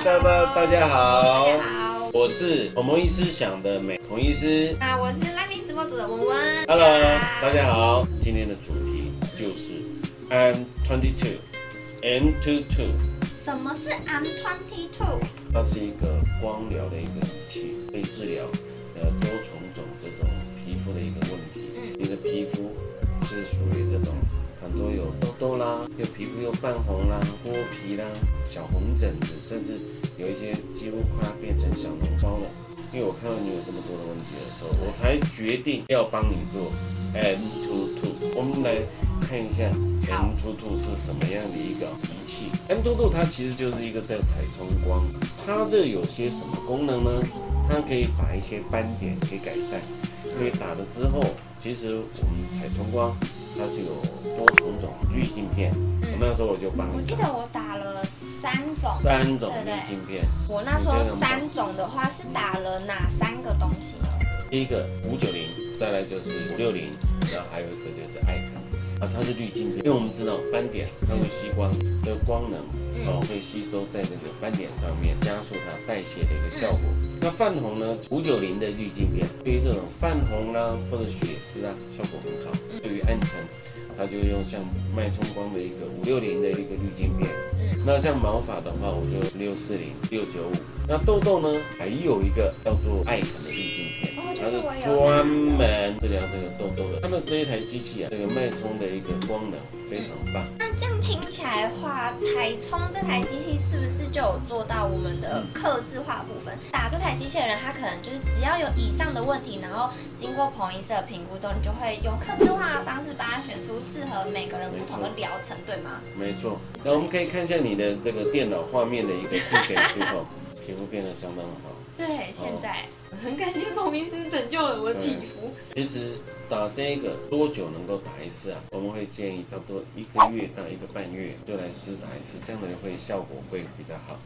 大家 Hello, Hello, 大家好，大家好，我是澎彭醫師想得美，澎彭醫師，那、uh, 我是拉米直播主的文文。Hello，大家好，今天的主題就是 I'M twenty two M two two。什麼是 I'M twenty two？它是一個光療的一個儀器，可以治療呃多重種，種這種皮膚的一個問題。你的皮膚是屬於這種。很多有痘痘啦，有皮又皮膚又泛紅啦，脫皮啦，小紅疹子，甚至有一些幾乎快要變成小膿包了。因為我看到你有這麼多的問題的時候，我才決定要幫你做 M22。我們來看一下 M22 是什麼樣的一個儀器。M22 它其實就是一個叫彩衝光，它這有些什麼功能呢？它可以把一些斑點給改善。因為打了之後，其實我們彩衝光它是有多重種濾鏡片。我、嗯、那時候我就幫，我記得我打了三種，三種濾鏡片。對對對，我那時候三種的話是打了哪三個東西？第一個五九零，再來就是五六零，然後還有一個就是艾特啊，它是濾鏡片，因為我們知道斑點它有吸光，的光能哦會吸收在這個斑點上面，加速它代謝的一個效果。那泛紅呢，五九零的濾鏡片，對於這種泛紅啦、啊、或者血絲啊，效果很好。對於暗沉，它就用像脈衝光的一個五六零的一個濾鏡片。那像毛髮的，的話，我就六四零、六九五。那痘痘呢，還有一個叫做愛寵的濾鏡片。它就是專門治療這個痘痘的。他們這一台機器啊，這個脈衝的一個光能、嗯、非常棒。那這樣聽起來的話，彩衝這台機器是不是就有做到我們的客製化部分？嗯、打這台機器的人，它可能就是只要有以上的問題，然後經過彭醫生的評估之後，你就會用客製化的方式把它選出適合每個人不同的療程，錯對嗎？沒錯。那我們可以看一下你的這個電腦畫面的一個諮選系統。 皮膚變得相當的好。對，現在、哦、我很感謝澎彭醫師拯救了我的皮膚。其實打這個多久能夠打一次啊？我們會建議差不多一個月到一個半月就來施打一次，這樣子會效果會比較好。